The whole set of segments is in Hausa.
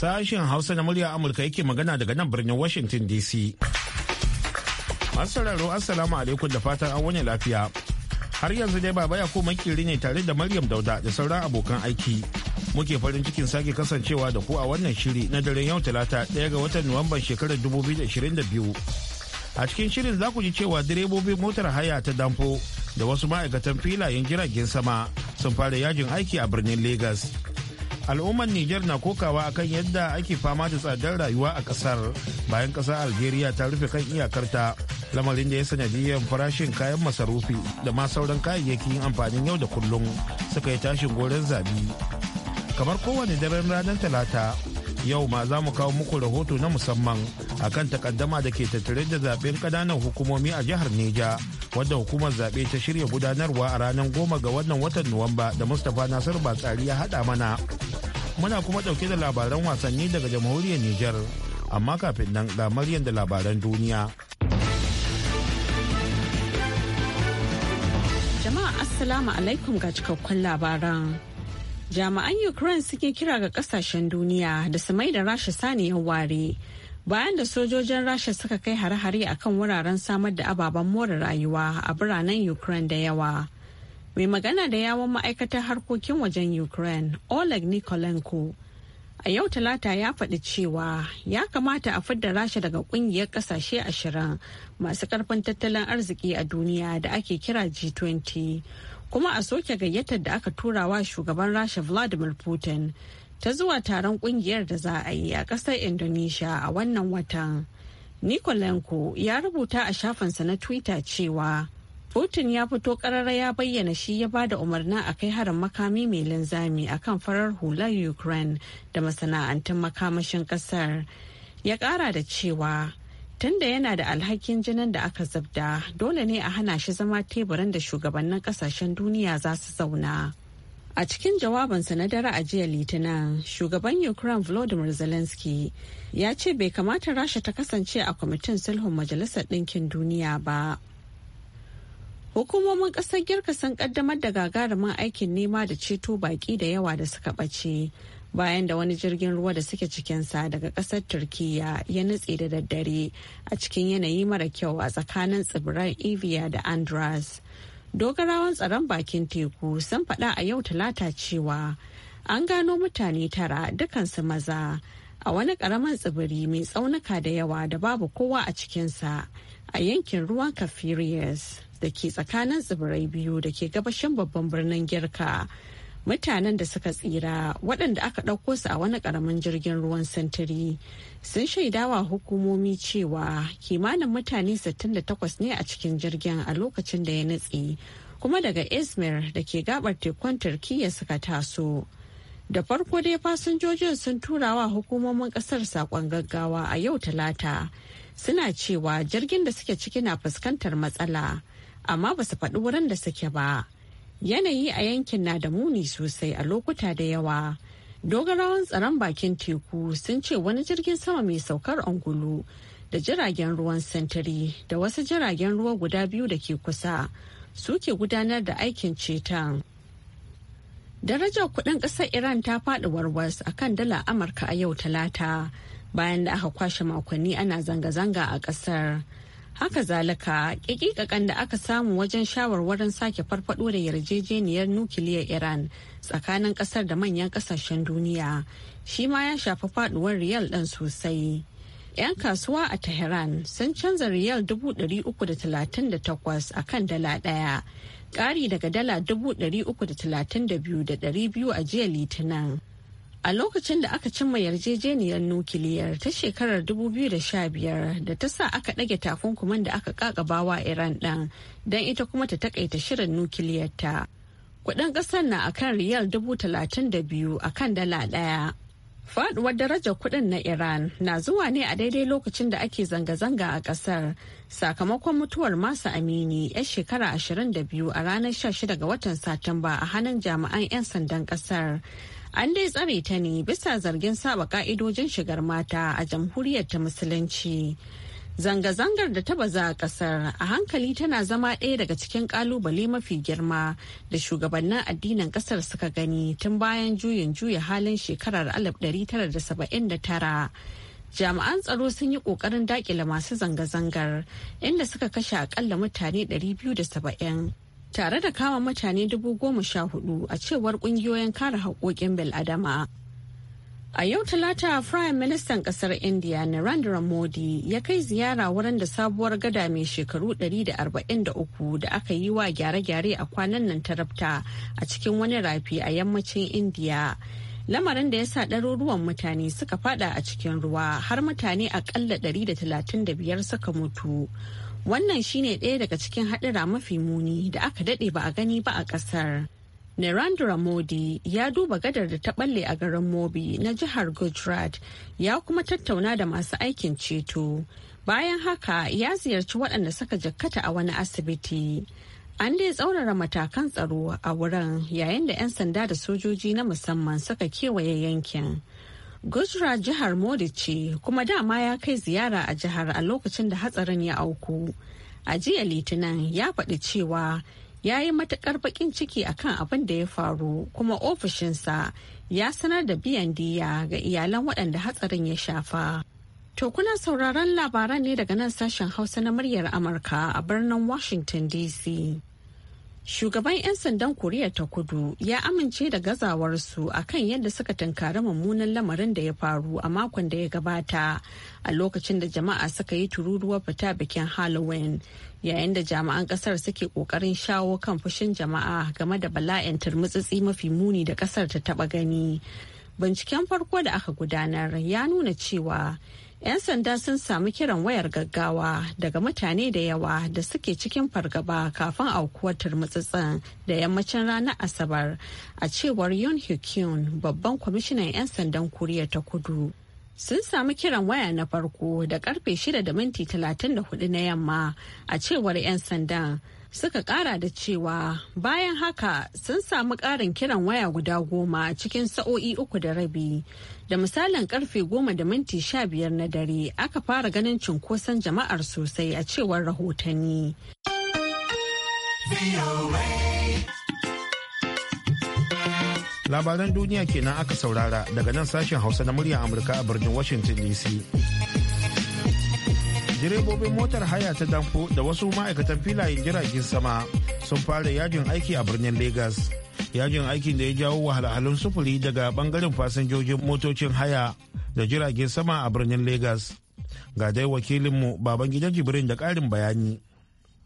Sashen Hausa na murya Amurka yake magana daga nan birnin Washington DC. Masararo Assalamu alaikum da fatan an wani lafiya. Har yanzu dai baba ya ko kiri ne tare da Maryam Dauda da sauran abokan aiki. Muke farin cikin sake kasancewa da ku a wannan shiri na daren yau talata ɗaya ga watan Nuwamban shekarar da biyu. A cikin shirin za ku ji cewa direbobin motar haya ta damfo da wasu ma'aikatan filayen jiragen sama sun fara yajin aiki a birnin Legas. al'ummar niger na kokawa akan yadda ake fama da tsadar rayuwa a kasar bayan kasar algeria ta rufe kan iyakarta lamarin da ya sanadiyar farashin kayan masarufi da ma sauran kayayyakin amfanin yau da kullum suka yi tashin goren zabi kamar kowane daren ranar talata yau ma za mu kawo muku rahoto na musamman akan takaddama da ke tattare da zaben kananan hukumomi a jihar Neja wadda hukumar zaɓe ta shirya gudanarwa a ranar goma ga wannan watan Nuwamba da Mustapha nasiru Batsari ya haɗa mana. muna kuma ɗauke da labaran wasanni daga jamhuriyar Nijar, amma kafin nan ga maryan da labaran duniya. Jama'a Assalamu alaikum ga cikakkun labaran. Jami'an Ukraine suke kira ga kasashen duniya da su mai da rasha sani ware. Bayan da sojojin rasha suka kai hare-hare akan wuraren samar da ababen more rayuwa a biranen Ukraine da yawa. mai magana da yawon ma'aikatar harkokin wajen ukraine oleg nikolenko a yau talata ya faɗi cewa ya kamata a fidda rasha daga ƙungiyar ƙasashe ashirin masu ƙarfin tattalin arziki a duniya da ake kira g20 kuma a soke gayyatar da aka tura wa shugaban rasha vladimir putin ta zuwa taron ƙungiyar da za a yi a ƙasar indonesia a wannan watan nikolenko ya rubuta a shafinsa na twitter cewa Putin ya fito karara ya bayyana shi ya ba da umarnin a kai harin makami mai linzami akan farar hular Ukraine da masana'antun makamashin kasar. Ya kara da cewa tunda yana da alhakin jinin da aka zabda dole ne a hana shi zama teburin da shugabannin kasashen duniya za su zauna. A cikin jawabinsa na dare a jiya Litinin, shugaban Ukraine Volodymyr Zelensky ya ce bai kamata Rasha ta kasance a kwamitin sulhun Majalisar Ɗinkin Duniya ba. Hukumomin ƙasar Girka sun ƙaddamar da gagarumin aikin nema da ceto baƙi da yawa da suka ɓace bayan da wani jirgin ruwa da suke cikinsa daga ƙasar turkiya ya nutse da daddare a cikin yanayi mara kyau a tsakanin tsibiran Evia da Andras. Dogarawan tsaron bakin teku sun faɗa a yau talata cewa an gano mutane tara dukansu maza a wani ƙaramin tsibiri mai tsaunuka da yawa da babu kowa a cikinsa a yankin ruwan kafiriyas da ke tsakanin tsibirai biyu da ke gabashin babban birnin girka mutanen da suka tsira waɗanda aka ɗauko su a wani ƙaramin jirgin ruwan sintiri sun shaidawa hukumomi cewa kimanin mutane 68 ne a cikin jirgin a lokacin da ya nutse kuma daga izmir da ke gabar tekun turkiyya suka taso. Da farko dai fasinjojin sun turawa hukumomin kasar sakon gaggawa a yau talata. Suna cewa jirgin da suke ciki na fuskantar matsala, amma ba su faɗi wurin da suke ba. Yanayi a yankin na da muni sosai a lokuta da yawa. Dogarawan tsaron bakin teku sun ce wani jirgin sama mai saukar angulu da jiragen ruwan sentiri da wasu jiragen ruwa guda biyu da ke kusa suke gudanar da aikin ceton. Darajar kuɗin ƙasar Iran ta faɗi warwas a kan dala Amurka a yau talata bayan da aka kwashe makonni ana zanga-zanga a ƙasar. Haka zalika, ƙiƙiƙaƙan da aka samu wajen shawarwarin sake farfaɗo da yarjejeniyar nukiliyar Iran tsakanin ƙasar da manyan ƙasashen duniya, shi ma ya shafi faɗuwar riyal ɗin sosai. 'Yan kasuwa a Tehran sun canza riyal 338 a kan dala ɗaya. ƙari daga dala biyu a jiya litinin. A lokacin da aka cimma yarjejeniyar nukiliyar ta shekarar 2015 da ta sa aka ɗage takunkuman da aka ƙaƙabawa Iran ɗan don ita kuma ta taƙaita shirin nukiliyarta. Kuɗin ƙasar na akan riyal 32 kan dala ɗaya. Faduwar darajar kudin na Iran na zuwa ne a daidai lokacin da ake zanga-zanga a kasar sakamakon mutuwar masu amini 'yar shekara 22 a ranar 16 ga watan Satumba a hannun jami'an 'yan sandan kasar. An dai tsare ta ne bisa zargin saba ka'idojin shigar mata a jamhuriyar ta musulunci. Zanga-zangar da ta baza a kasar a hankali tana zama ɗaya daga cikin ƙalubale mafi girma da shugabannin addinin ƙasar suka gani tun bayan juyin juya halin shekarar 1979. Jami'an tsaro sun yi ƙoƙarin daƙile masu zanga-zangar inda suka kashe akalla mutane 270 tare da kama mutane 14,000 a cewar ƙungiyoyin kare haƙoƙin bil'adama. A yau Talata, Prime Ministan kasar India Narendra Modi ya kai ziyara wurin da sabuwar gada mai shekaru 143 da aka yi wa gyare-gyare a kwanan nan tarabta a cikin wani rafi a yammacin India. Lamarin da ya sa ɗaruruwan mutane suka fada a cikin ruwa har mutane akalla 135 suka mutu. Wannan shine ɗaya daga cikin haɗura mafi muni da aka daɗe ba a gani ba a ƙasar. Narendra Modi ya duba gadar da ta balle a garin Mobi na jihar Gujarat ya kuma tattauna da masu aikin ceto. Bayan haka ya ziyarci waɗanda suka jakkata a wani asibiti. An dai tsaurara matakan tsaro a wurin yayin da 'yan sanda da sojoji na musamman suka kewaye yankin. Gujarat jihar Modi ce kuma dama ya kai ziyara a jihar a lokacin da hatsarin ya auku. A jiya Litinin ya faɗi cewa ya yi matukar bakin ciki kan abin da ya faru kuma ofishinsa ya sanar da biyan diya ga iyalan waɗanda hatsarin ya shafa. To kuna sauraron labaran ne daga nan sashen Hausa na muryar Amurka a birnin Washington DC. Shugaban 'yan sandan Koriya ta kudu ya amince da gazawarsu a kan yadda suka tunkari mummunan lamarin da ya faru a makon da ya gabata a lokacin da jama'a suka yi tururuwar fita bikin Halloween yayin da jami'an kasar suke kokarin shawo kan fushin jama'a game da bala'in turmutsitsi mafi muni da kasar ta taba gani. Binciken farko da aka gudanar ya nuna cewa 'Yan sanda sun samu kiran wayar gaggawa daga mutane da yawa da suke cikin fargaba kafin aukuwar turmutsutsun da yammacin ranar Asabar a cewar Yun hukun babban kwamishinan 'yan sandan Koriya ta Kudu. sun samu kiran waya na farko da karfe 6 da minti 34 na yamma a cewar 'yan sandan suka kara da cewa bayan haka sun samu karin kiran waya guda goma cikin sa'o'i uku da rabi da misalin karfe goma da minti sha biyar na dare aka fara ganin cunkoson jama'ar sosai a cewar rahotanni. labaran duniya kenan aka saurara daga nan sashen hausa na murya amurka a birnin washington dc direbobin motar haya ta danfo da wasu ma'aikatan filayen jiragen sama sun fara yajin aiki a birnin Legas. Yajin aikin da ya jawo wahalhalun sufuri daga bangaren fasinjojin motocin haya da jiragen sama a birnin Legas. Ga dai wakilinmu Babangida Jibrin da ƙarin bayani.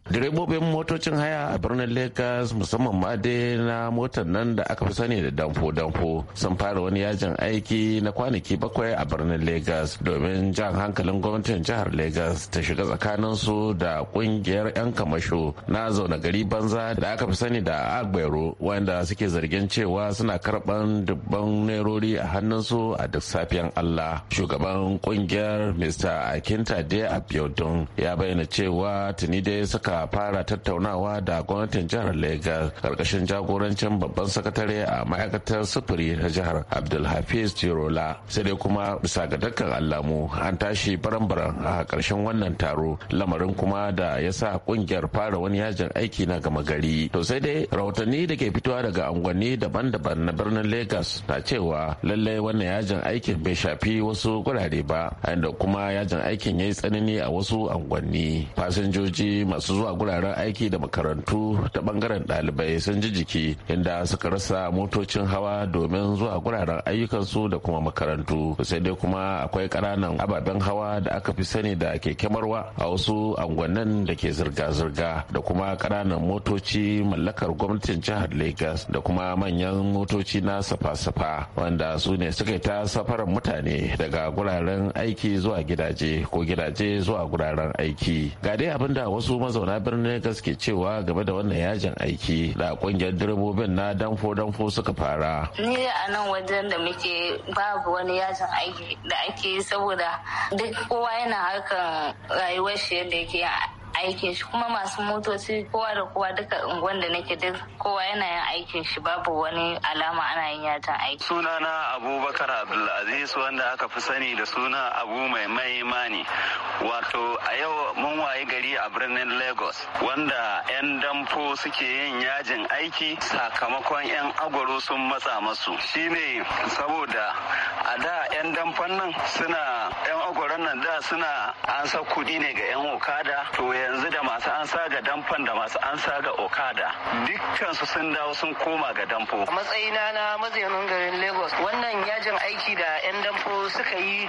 direbobin motocin haya a birnin lagos musamman ma dai na motar nan da aka fi sani da danfo-danfo sun fara wani yajin aiki na kwanaki bakwai a birnin lagos domin jan hankalin gwamnatin jihar lagos ta shiga tsakanin su da kungiyar 'yan kamasho na zaune gari banza da aka fi sani da agbero wanda suke zargin cewa suna karban dubban nerori a hannunsu a duk safiyan allah shugaban kungiyar mr akinta dai abiodun ya bayyana cewa tuni dai suka suka fara tattaunawa da gwamnatin jihar Legas karkashin jagorancin babban sakatare a ma'aikatar sufuri na jihar Abdulhafiz Jirola. Sai dai kuma bisa ga dukkan alamu an tashi baran-baran a karshen wannan taro lamarin kuma da ya sa kungiyar fara wani yajin aiki na gama gari. To sai dai rahotanni da ke fitowa daga unguwanni daban-daban na birnin Legas na cewa lallai wannan yajin aikin bai shafi wasu gurare ba, inda kuma yajin aikin ya yi tsanani a wasu unguwanni. Fasinjoji masu zuwa zuwa guraren aiki da makarantu ta bangaren dalibai sun ji jiki inda suka rasa motocin hawa domin zuwa guraren ayyukansu da kuma makarantu sai dai kuma akwai ƙananan ababen hawa da aka fi sani da keke marwa a wasu angonnan da ke zirga-zirga da kuma ƙananan motoci mallakar gwamnatin jihar lagos da kuma manyan motoci na safa-safa wanda su ne suka ta safarar mutane daga guraren aiki zuwa gidaje ko gidaje zuwa guraren aiki ga dai abinda wasu mazauna na birnin gaske ke cewa game da wannan yajin aiki da kungiyar direbobin na danfo danfo suka fara. Ni a nan wajen da muke babu wani yajin aiki da ake saboda duk kowa yana harkan rayuwar shi yadda yake aikin shi kuma masu motoci kowa da kowa duka unguwan da nake duk kowa yana yin aikin shi babu wani alama ana yin yata aiki sunana abubakar abdulaziz wanda aka fi sani da suna abu mai mani wato a yau mun waye gari a birnin lagos wanda 'yan damfo suke yin yajin aiki sakamakon 'yan agwaro sun matsa masu shine saboda a da 'yan damfon nan suna 'yan agwaron nan da suna an sa kudi ne ga 'yan okada to ya yanzu da masu an sa ga damfan da masu an sa ga okada dukkansu sun dawo sun koma ga damfo a matsayina na mazaunin garin lagos wannan yajin aiki da 'yan damfo suka yi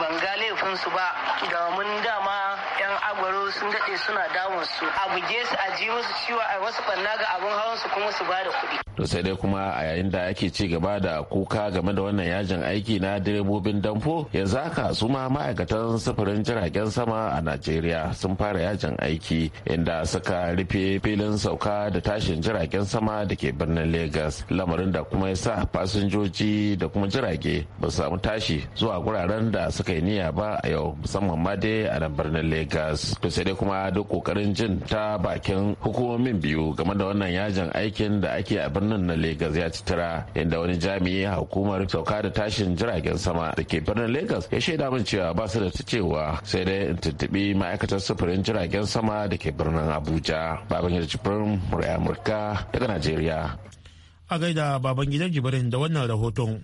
ban ga laifinsu ba da mun dama 'yan agwaro sun daɗe suna damun su a buge su a ji musu ciwo a wasu banna ga abin hawan su kuma su ba da kuɗi to sai dai kuma a yayin da ake ci gaba da kuka game da wannan yajin aiki na direbobin damfo yanzu haka su ma ma'aikatan sufurin jiragen sama a najeriya sun fara yajin aiki inda suka rufe filin sauka da tashin jiragen sama da ke birnin Legas lamarin da kuma ya sa fasinjoji da kuma jirage ba samu tashi zuwa guraren da suka yi niyya ba a yau musamman ma dai a nan birnin Legas. To sai dai kuma duk kokarin jin ta bakin hukumomin biyu game da wannan yajin aikin da ake a birnin na Legas ya ci tara inda wani jami'i hukumar sauka da tashin jiragen sama da ke birnin Legas ya shaida min cewa ba su da ta cewa sai dai in tuntuɓi ma'aikatar sufurin jiragen sararin sama da ke birnin abuja baban jibrin murya amurka daga nigeria a gaida baban gidan jibrin da wannan rahoton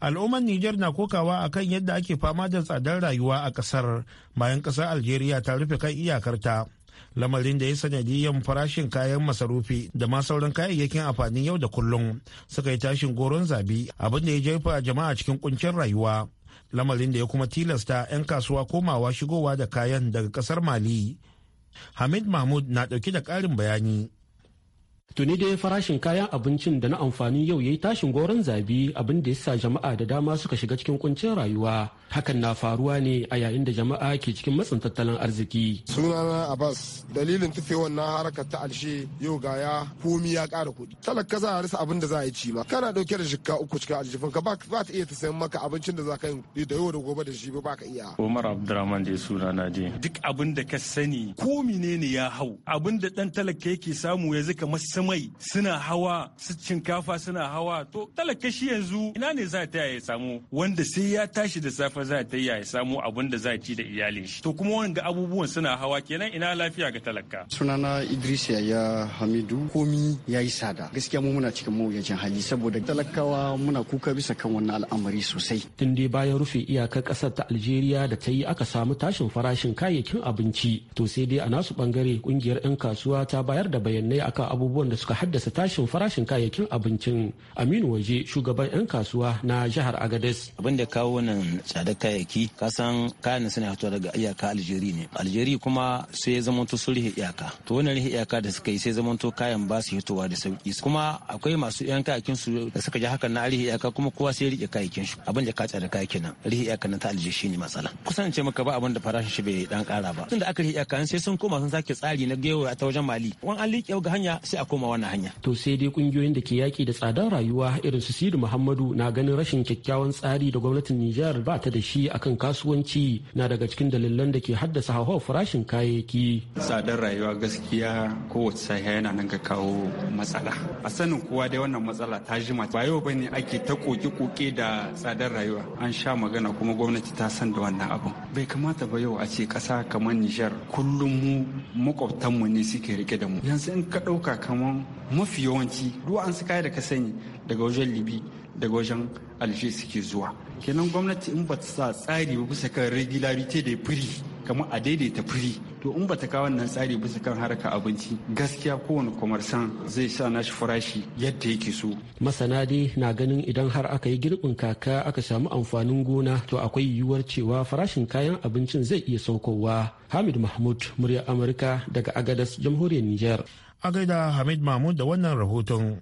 al'ummar Nijar na kokawa a kan yadda ake fama da tsadar rayuwa a kasar bayan kasar Algeria ta rufe kan iyakarta. Lamarin da ya sanadiyar farashin kayan masarufi da ma sauran kayayyakin amfanin yau da kullum suka yi tashin goron zabi abin da ya jefa jama'a cikin kuncin rayuwa. lamarin da ya kuma tilasta 'yan kasuwa komawa shigowa da kayan daga kasar mali hamid mahmud na ɗauke da ƙarin bayani tuni dai farashin kayan abincin da na amfani yau ya yi tashin goron zabi abin da ya sa jama'a da dama suka shiga cikin kuncin rayuwa hakan na faruwa ne a yayin da jama'a ke cikin matsin tattalin arziki sunana abbas dalilin tufewar na harkar ta alshe yau ga ya komi ya kara kuɗi talaka za a rasa abin da za a yi ci ma kana dauke da shikka uku cikin aljifin ka ba ta iya ta sayan maka abincin da za ka yi da yau da gobe da shi ba ka iya umar abdurrahman suna sunana je duk abin da ka sani ko ne ya hau abin da dan talaka yake samu ya zika masa mai suna hawa su shinkafa suna hawa to talaka yanzu ina ne za ta ya samu wanda sai ya tashi da safe za ta ya samu abin da za ci da iyalin shi to kuma wanga abubuwan suna hawa kenan ina lafiya ga talaka sunana Idris ya Hamidu komi ya yi sada gaskiya mu muna cikin mawuyacin hali saboda talakawa muna kuka bisa kan wannan al'amari sosai tun dai bayan rufe iyakar kasar ta Algeria da ta yi aka samu tashin farashin kayayyakin abinci to sai dai a nasu bangare kungiyar 'yan kasuwa ta bayar da bayanai akan abubuwan da waɗanda suka haddasa tashin farashin kayayyakin abincin aminu waje shugaban 'yan kasuwa na jihar agades abin da kawo wannan tsadar kayayyaki kasan kayan suna fitowa daga iyaka aljeri ne aljeri kuma sai ya to sun rihe iyaka to wannan rihe iyaka da suka yi sai to kayan ba su fitowa da sauki kuma akwai masu 'yan kayakin su da suka ji hakan na rihe iyaka kuma kowa sai rike kayakin shi abin da ka tsada kayakin nan rihe iyaka na ta aljeri shine matsala ce maka ba abin da farashin shi bai dan kara ba tunda aka rihe iyaka sai sun koma sun sake tsari na gewa ta wajen mali wani an liƙe ga hanya sai a koma kama wannan hanya. To sai dai kungiyoyin da ke yaki da tsadar rayuwa irin su Sidi Muhammadu na ganin rashin kyakkyawan tsari da gwamnatin Nijar ba ta da shi akan kasuwanci na daga cikin dalilan da ke haddasa hauhawar farashin kayayyaki. Tsadar rayuwa gaskiya kowace sahiya yana nan ga kawo matsala. A sanin kowa dai wannan matsala ta jima ba yau bane ake ta koke-koke da tsadar rayuwa. An sha magana kuma gwamnati ta san da wannan abu. Bai kamata ba yau a ce kasa kamar Nijar kullum mu makwabtanmu ne suke rike da mu. Yanzu in ka ɗauka kamar amma mafi yawanci ruwa an su kaya da ka sani daga wajen libi daga wajen alfe suke zuwa kenan gwamnati in ba ta sa tsari ba bisa kan regularity da firi kamar a daidaita firi to in ba ta kawo wannan tsari bisa kan harka abinci gaskiya kowane kwamarsan zai sa nashi farashi yadda yake so masana dai na ganin idan har aka yi girbin kaka aka samu amfanin gona to akwai yiwuwar cewa farashin kayan abincin zai iya saukowa hamid mahmud murya amurka daga agadas jamhuriyar niger A gaida Hamid Mahmud da wannan rahoton.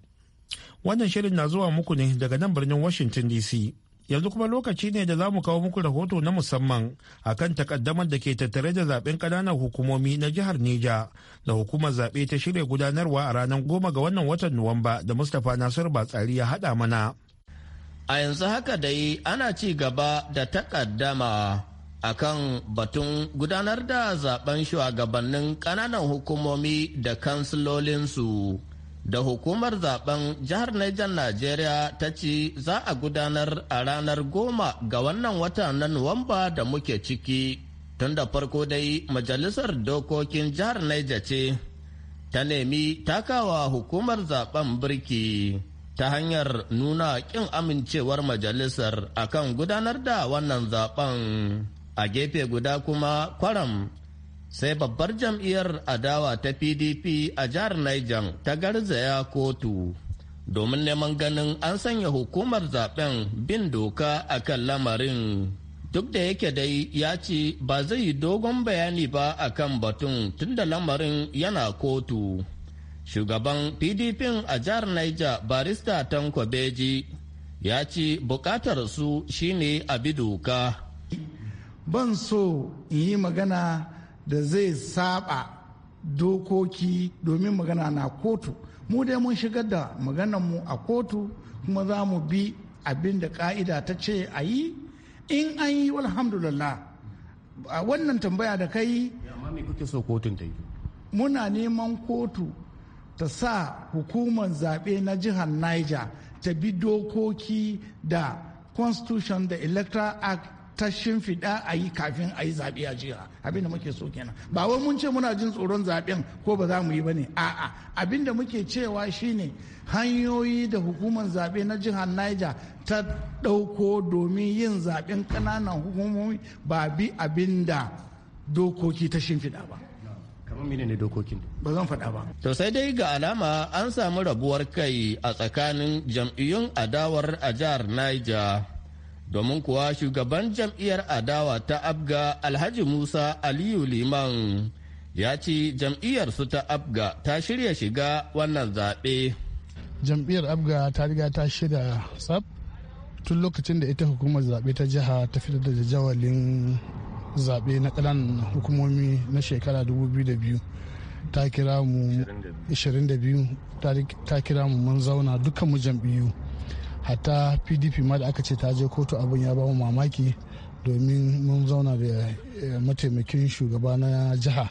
Wannan shirin na zuwa muku ne daga nan birnin Washington DC. Yanzu kuma lokaci ne da za mu kawo muku rahoto na musamman akan takaddamar da ke tattare da zaben ƙananan hukumomi na jihar Nija da hukumar zaɓe ta shirya gudanarwa a ranar goma ga wannan watan Nuwamba da Mustapha Nasiru Batsari ya haɗa mana. A yanzu haka dai ana ci gaba da takaddama akan batun gudanar da zaben shugabannin ƙananan hukumomi da kansilolinsu da hukumar zaben jihar Niger Najeriya ta ce za a gudanar a ranar goma ga wannan wata na Nuwamba da muke ciki. Tun da farko dai majalisar dokokin jihar Niger ce ta nemi takawa hukumar zaben birki. ta hanyar nuna ƙin amincewar majalisar akan gudanar da wannan zaben a gefe guda kuma kwaram sai babbar jam'iyyar adawa ta pdp a jihar niger ta garzaya kotu domin neman ganin an sanya hukumar zaben bin doka a kan lamarin duk da yake dai ya ce ba zai yi dogon bayani ba a kan batun tunda lamarin yana kotu shugaban pdp a jihar niger barista tanko beji ya ce bukatar su shine a bi doka ban so in yi magana da zai saba dokoki domin magana na kotu mu dai mun shigar da maganarmu a kotu kuma za mu bi abin da ka'ida ta ce a yi in an yi alhamdulillah a wannan tambaya da kai muna neman kotu ta sa hukumar zaɓe na jihar niger ta bi dokoki da constitution da electoral act ta shimfiɗa a yi kafin a yi zaɓe a jiha abinda muke so kenan ba wai mun ce muna jin tsoron zaɓen ko ba za mu yi ba ne a'a abinda muke cewa shine hanyoyi da hukumar zaɓe na jihar niger ta ɗauko domin yin zaɓen ƙananan hukumomi ba bi abinda dokoki ta shimfiɗa ba ba faɗa ba to sai dai ga alama an samu rabuwar kai a tsakanin jam'iyyun adawar a jihar niger domin kuwa shugaban jam'iyyar adawa ta abga alhaji musa aliyu liman ya ce jam'iyyarsu ta abga ta shirya shiga wannan zaɓe jam'iyyar abga ta riga ta shirya tsab tun lokacin da ita hukumar zaɓe ta jiha ta fitar da jawalin zaɓe na ƙananan hukumomi na shekara 2002 ta kira mu 22 ta kira mu mun zauna dukkan mu jam'iyyu hatta pdp ma da aka ce ta je kotu abin ya ba mu mamaki domin mun zauna da eh, mataimakin shugaba na jiha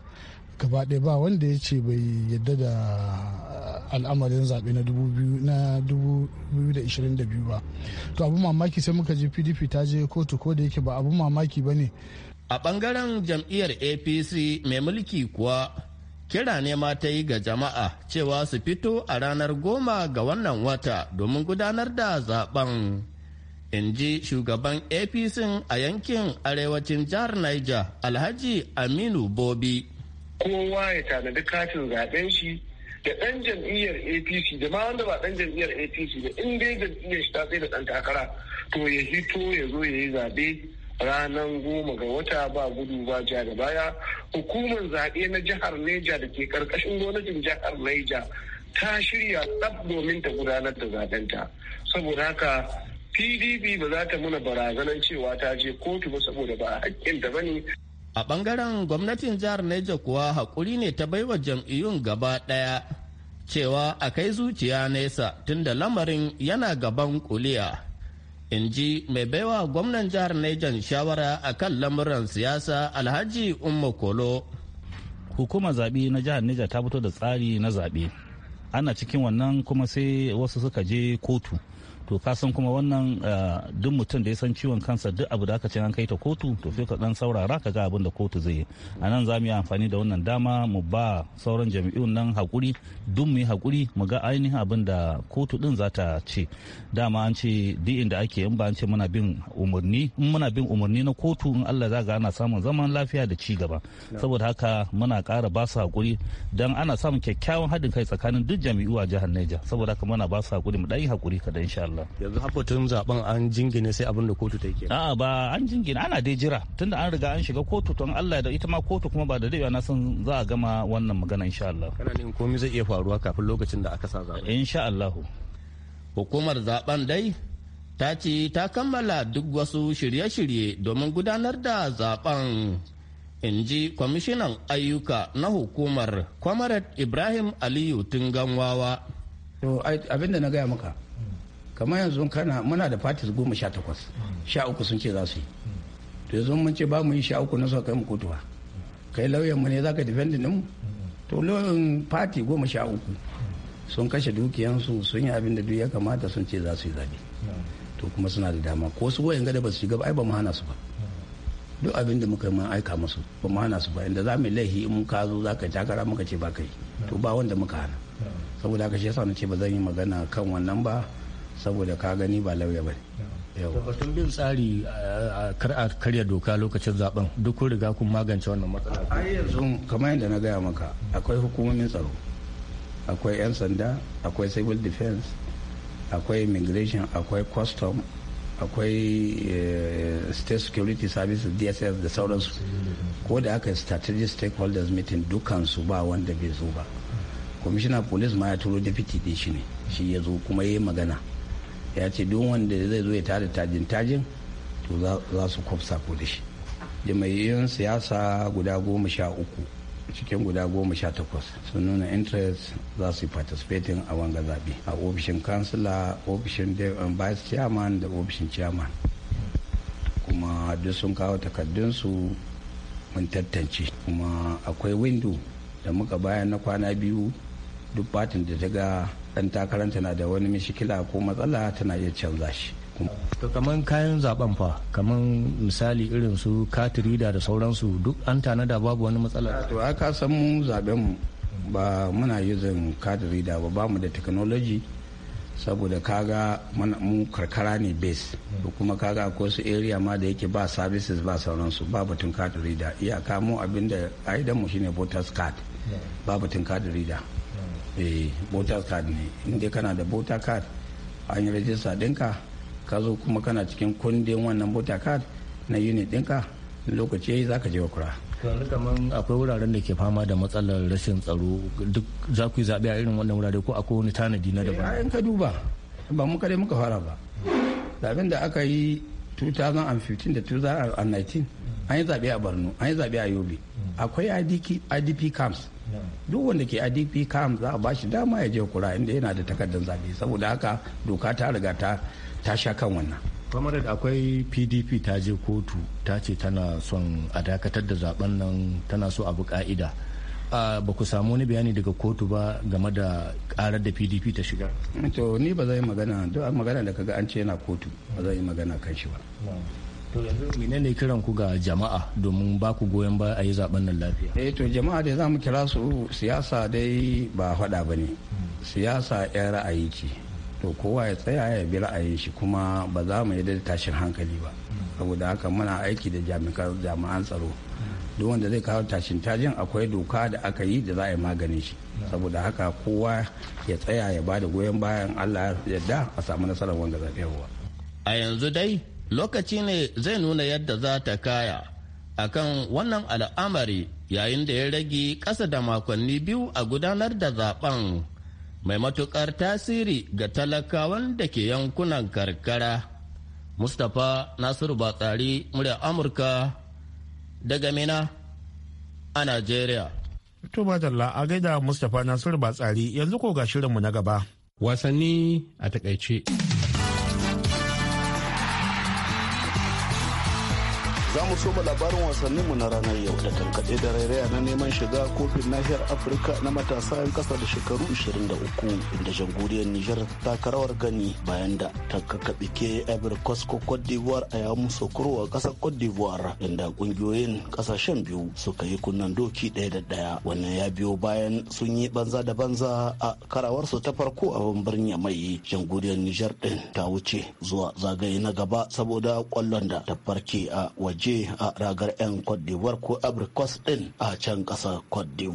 gaba ɗaya ba wanda ya ce bai yadda da eh, al'amarin zaɓe na 2022 ba to abin mamaki sai muka je pdp ta je kotu ko da yake ba abin mamaki ba ne a ɓangaren jam'iyyar apc mai mulki kuwa kira ne ma ta yi ga jama'a cewa su fito a ranar goma ga wannan wata domin gudanar da zaben. in ji shugaban apc a yankin arewacin jihar niger alhaji aminu bobi kowa ya tanadi katin zaben shi da ɗan jam'iyyar apc da ma wanda ba ɗan jam'iyyar apc da inda dai jam'iyyar shi ta tsaye da ɗan takara to ya hito ya zo ya yi zaɓe ranar goma ga wata ba gudu ba ja da baya hukumar zaɓe na jihar neja da ke ƙarƙashin gwamnatin jihar neja ta shirya tsab domin ta gudanar da zaɓenta saboda haka pdp ba za ta muna barazanar cewa ta je kotu ba saboda ba a hakkin ba ne. a bangaren gwamnatin jihar neja kuwa haƙuri ne ta baiwa jam'iyyun gaba ɗaya cewa akai zuciya nesa tunda lamarin yana gaban kuliya in ji mai baiwa gwamnan jihar Niger shawara a kan lamuran siyasa alhaji umma kolo hukumar zaɓe na jihar Niger ta fito da tsari na zaɓe ana cikin wannan kuma sai wasu suka je kotu to ka san kuma wannan eh, duk mutum da ya san ciwon kansa duk abu da aka ce an kai ta kotu to sai ka dan saurara ka ga abin da kotu zai yi a nan za mu yi amfani da wannan dama mu ba sauran jami'un nan hakuri duk mu yi hakuri mu ga ainihin abin da kotu din za ta ce dama an ce duk inda ake in ba an ce muna bin umarni in muna bin umarni na kotu in Allah za ga ana samun zaman lafiya da ci gaba saboda haka muna kara ba su hakuri dan ana samun kyakkyawan haɗin kai tsakanin duk jami'u a jihar Niger saboda haka muna ba su hakuri mu dai yi hakuri kadan insha Allah ba yanzu tun zaben an jingine sai abin da kotu ta yi a'a ba an jingine ana dai jira tunda an riga an shiga kotu don Allah da ita ma kotu kuma ba da daɗewa na san za a gama wannan magana insha Allah kana ne komai zai iya faruwa kafin lokacin da aka sa zaben insha Allah hukumar zaben dai ta ce ta kammala duk wasu shirye-shirye domin gudanar da zaben in ji kwamishinan ayyuka na hukumar kwamarat ibrahim aliyu ganwawa. to abinda na gaya maka kamar yanzu kana muna da fatis goma sha takwas sha uku sun ce za su yi to yanzu mun ce ba mu yi sha uku na sauka kai mu kotuwa kai lauyan mu ne za ka defend din to lauyan fati goma sha uku sun kashe dukiyansu sun yi abin da duk ya kamata sun ce za su yi zabe to kuma suna da dama ko su wayan gada ba su shiga ba ai ba mu hana su ba duk abin da muka mun aika musu ba mu hana su ba inda za mu laifi in ka zo za ka takara muka ce ba kai to ba wanda muka hana saboda haka shi yasa na ce ba zan yi magana kan wannan ba saboda ka gani ba lauya ba batun bin tsari kar a karya doka lokacin zaben duk kun riga kun magance wannan matsala a yanzu kamar yadda na gaya maka akwai hukumomin tsaro akwai 'yan sanda akwai civil defense akwai immigration akwai custom akwai eh, state security services dss da sauransu ko da aka strategic stakeholders meeting dukansu ba wanda bai zo ba Commissioner police ma ya turo deputy din shi ne shi ya zo kuma ya yi magana ya ce duk wanda zai zo ya tada tajin tajin to za su kwafsa ko da shi jama'iyyun siyasa guda goma sha uku cikin guda goma sha takwas sun nuna interest za su yi a wanga zaɓe a ofishin kansila ofishin um, vice chairman da ofishin chairman kuma duk sun kawo takardunsu mun tantance kuma akwai window da muka bayan na kwana biyu duk batin da ta ga dan takaranta na da wani mishikila ko matsala tana iya canza shi to kaman kayan zaben fa kaman misali irin su katirida da sauransu duk an tanada babu wani matsala to aka san mu zaben mu ba muna yuzin katirida ba mu da technology saboda kaga mu karkara ne base da kuma kaga akwai su area ma da yake ba services ba sauransu ba batun katirida iyaka mu abinda aidan mu shine voters card ba batun katirida Eh, voter card ne inda kana da bota card an yi rajista ɗinka ka zo kuma kana cikin kundin wannan bota card na unit ɗinka lokaci za ka je wa kura yanzu kamar akwai wuraren da ke fama da matsalar rashin tsaro duk za ku yi zaɓe a irin wannan wurare ko akwai wani tanadi na daban ba eh, ka duba ba mu kare muka fara ba abin da aka yi 2015 da 2019 an yi zaɓe a borno an yi zaɓe a yobe akwai idp camps duk wanda ke idp camps za a ba shi dama ya je kura inda yana da takardar zaɓe saboda haka doka ta riga ta sha kan wannan kamar da akwai pdp ta je kotu ta ce tana son a dakatar da zaben nan tana so abu ka'ida ba ku samu wani bayani daga kotu ba game da karar da pdp ta shiga to ni ba zai magana magana da kaga an ce yana kotu ba zai magana kan shi ba to yanzu menene kiran ku ga jama'a domin ba ku goyon ba a yi zaben nan lafiya eh to jama'a da za mu kira su siyasa dai ba faɗa ba ne siyasa 'yan ra'ayi ce to kowa ya tsaya ya bi ra'ayin shi kuma ba za mu yi da tashin hankali ba saboda haka muna aiki da jami'an tsaro duk wanda zai kawo tashin tajin akwai doka da aka yi da za a yi maganin shi saboda haka kowa ya tsaya ya ba da goyon bayan allah ya yarda a samu nasarar wanda zaɓewa a yanzu dai lokaci ne zai nuna yadda za ta kaya a kan wannan al'amari yayin da ya rage ƙasa da makonni biyu a gudanar da zaben mai matuƙar tasiri ga talakawan da ke yankunan karkara mustapha nasiru batsari murya amurka daga mina a najeriya to madalla a gaida mustapha nasiru batsari yanzu ko ga shirinmu na gaba wasanni a takaice mu soma labarin wasannin mu na ranar yau da tankaɗe da rairaya na neman shiga kofin nahiyar Afirka na matasa 'yan ƙasa da shekaru 23 inda jamhuriyar Nijar ta karawar gani bayan da ta kakaɓike Ivory Coast ko Cote d'Ivoire a yawon sokoro a ƙasar Cote d'Ivoire inda ƙungiyoyin ƙasashen biyu suka yi kunnen doki ɗaya da ɗaya wannan ya biyo bayan sun yi banza da banza a karawarsu ta farko a birnin mai jamhuriyar Nijar ɗin ta wuce zuwa zagaye na gaba saboda ƙwallon da ta farke a waje a ragar 'yan Cote ko Abricos din a can ƙasar Cote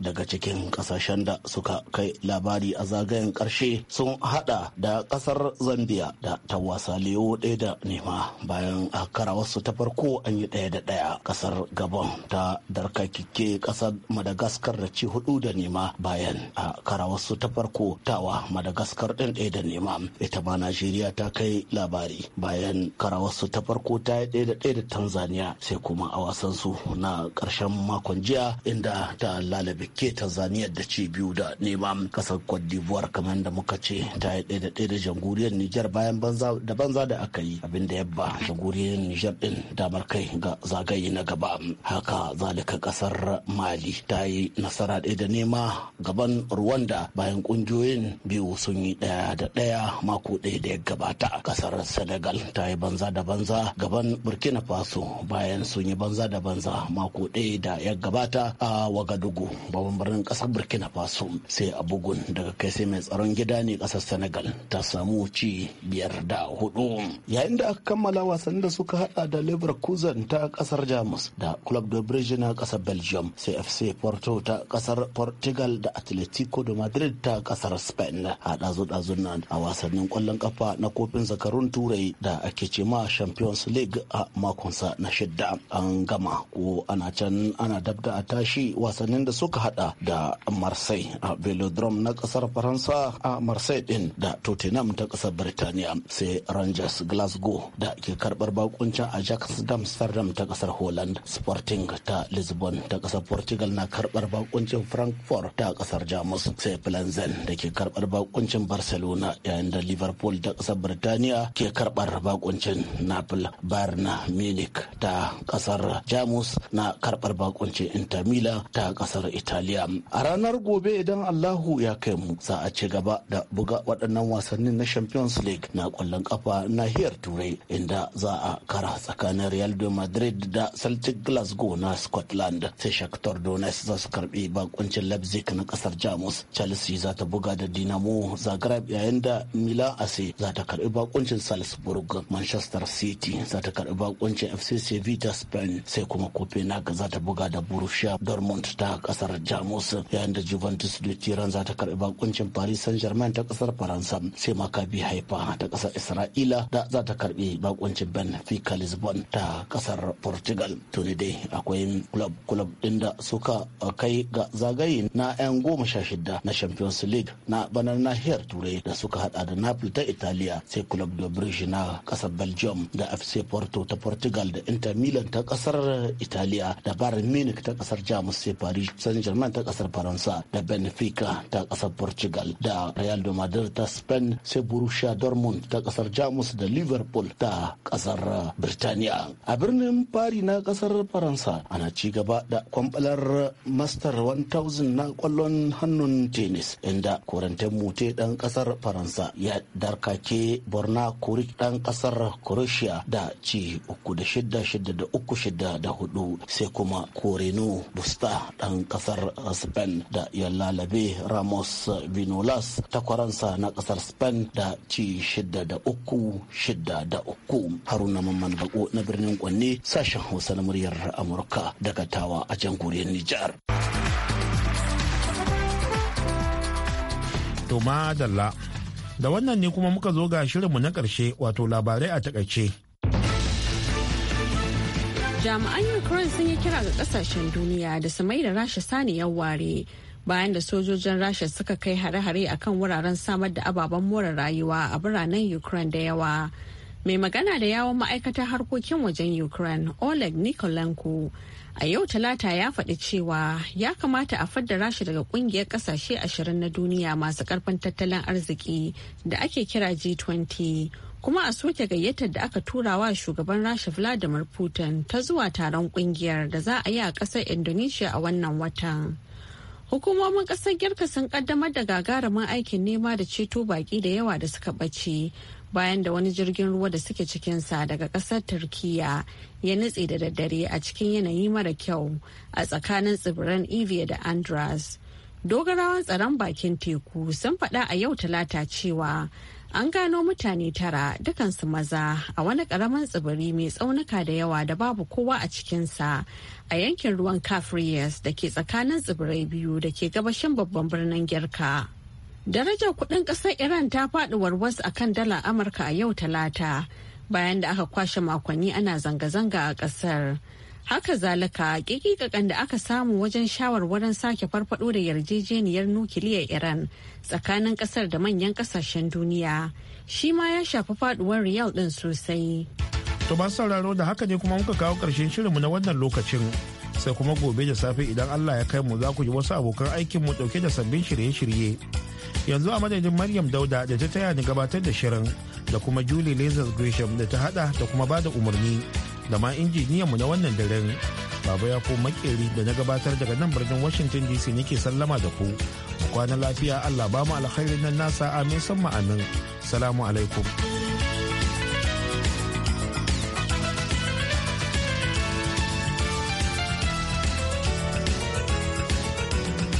daga cikin ƙasashen da suka kai labari a zagayen ƙarshe sun hada da ƙasar Zambia da ta wasa Leo ɗaya da nema bayan a karawarsu ta farko an yi ɗaya da ɗaya ƙasar Gabon ta tarka-kike ƙasar Madagascar da ci hudu da nema bayan a karawarsu ta farko tawa Madagascar ɗin ɗaya da nema ita ma Najeriya ta kai labari bayan karawarsu ta farko ta yi ɗaya da ɗaya da Tanzania tanzania sai kuma a wasan su na karshen makon jiya inda ta lalabe ke tanzania da ci biyu da nema kasar cote d'ivoire kamar da muka ce ta yi ɗaya da ɗaya da jamhuriyar niger bayan da banza da aka yi abinda ya ba jamhuriyar niger din damar kai ga zagaye na gaba haka zalika kasar mali ta yi nasara ɗaya da nema gaban rwanda bayan kungiyoyin biyu sun yi ɗaya da ɗaya mako ɗaya da ya gabata kasar senegal ta yi banza da banza gaban burkina faso bayan sun yi banza da banza mako ɗaya da ya gabata a wagadugu babban birnin ƙasar burkina faso sai a bugun daga kai sai mai tsaron gida ne ƙasar senegal ta samu ci biyar da hudu yayin da aka kammala wasan da suka hada da leverkusen ta ƙasar jamus da club de brugge na ƙasar belgium sai fc porto ta ƙasar portugal da atletico de madrid ta ƙasar spain a ɗazu-ɗazun nan a wasannin ƙwallon ƙafa na kofin zakarun turai da ake ce ma champions league a makon na shidda an gama ko ana can ana dabda a tashi wasannin da suka hada da marseille a velodrome na kasar faransa a marseille din da tottenham ta kasar birtaniya sai rangers glasgow da ke karbar bakuncin ajax amsterdam ta kasar holland sporting ta lisbon ta kasar portugal na karbar bakuncin frankfurt ta kasar jamus sai flanzen da ke karbar bakuncin barcelona yayin da liverpool ta kasar birtaniya ke karbar bakuncin napoli bayern munich ta kasar jamus na karbar bakunci inter mila ta kasar italiya a ranar gobe idan allahu ya kai mu za a ci gaba da buga waɗannan wasannin na champions league na ƙwallon kafa nahiyar turai inda za a kara tsakanin real de madrid da celtic glasgow na scotland sai shakhtar donetsk za su karbi bakuncin leipzig na kasar jamus chelsea za ta buga da dinamo zagreb yayin da mila ase za ta karbi bakuncin salzburg manchester city za ta karbi bakuncin fc sai vita spain sai kuma copenhagen za ta buga da borussia dortmund ta kasar jamus yayin da juventus da tiran za ta karbi bakuncin paris saint germain ta kasar faransa sai makabi haifa ta kasar isra'ila da zata ta karbi bakuncin benfica lisbon ta kasar portugal ne dai akwai club club din da suka kai ga zagaye na 'yan goma sha shida na champions league na banar nahiyar turai da suka hada da napoli ta italiya sai club da na kasar belgium da fc porto ta portugal da inter milan ta kasar italiya da bayern munich ta kasar jamus sai paris saint germain ta kasar faransa da benfica ta kasar portugal da real madrid ta spain sai borussia dortmund ta kasar jamus da liverpool ta kasar birtaniya a birnin paris na kasar faransa ana ci gaba da kwambalar master 1000 na kwallon hannun tennis inda korantar mute dan kasar faransa ya darkake borna kurik dan kasar croatia da ci uku da shidda shida sai kuma koreno busta dan kasar spain da ya lalabe ramos binolas takwaransa na kasar spain da ci shida da uku shida da uku haruna mamman bako na birnin kwanne sashen hausa na muryar amurka daga tawa a can jamhuriyar nijar to madalla da wannan ne kuma muka zo ga shirinmu na ƙarshe wato labarai a takaice jami'an ukraine sun yi kira ga kasashen duniya da su mai da rasha saniyar ware bayan da sojojin rasha suka kai hare-hare a kan wuraren samar da ababen more rayuwa a biranen ukraine da yawa mai magana da yawon ma'aikatar harkokin wajen ukraine oleg nikolenko a yau talata ya faɗi cewa ya kamata a fadda rasha daga ƙungiyar ƙasashe ashirin na duniya masu ƙarfin tattalin arziki da ake kira g20 kuma a soke gayyatar da aka tura wa shugaban rasha vladimir putin ta zuwa taron kungiyar da za a yi a ƙasar indonesia a wannan watan hukumomin ƙasar girka sun kaddamar da gagarumin aikin nema da ceto baƙi da yawa da suka ɓace bayan da wani jirgin ruwa da suke cikinsa daga ƙasar turkiya ya nutse da daddare a cikin yanayi mara kyau a tsakanin tsibiran evia da andras dogarawan tsaron bakin teku sun faɗa a yau talata cewa an gano mutane tara dukansu maza a wani karamin tsibiri mai tsaunuka da yawa da babu kowa a cikinsa a yankin ruwan kafriyas da ke tsakanin tsibirai biyu da ke gabashin babban birnin girka darajar kudin kasar iran ta faɗi warwas a kan dala amurka a yau talata bayan da aka kwashe makonni ana zanga-zanga a kasar. Haka zalika kikikakan da aka samu wajen shawarwarin sake farfado da yarjejeniyar nukiliyar Iran tsakanin kasar da manyan kasashen duniya shi ma ya shafi faduwar riyal din sosai. To masu sauraro da haka ne kuma muka kawo karshen shirinmu na wannan lokacin sai kuma gobe da safe idan Allah ya kai mu za ku ji wasu abokan aikin mu ɗauke da sabbin shirye-shirye. Yanzu a madadin Maryam Dauda da ta taya ni gabatar da shirin da kuma Julie Lazarus Gresham da ta hada da kuma bada umarni. da ma injiniyanmu na wannan daren baba ya ko makeri da na gabatar daga nan birnin washington dc nake sallama da ku kwana lafiya allah ba mu alkhairin nan nasa amin san amin salamu alaikum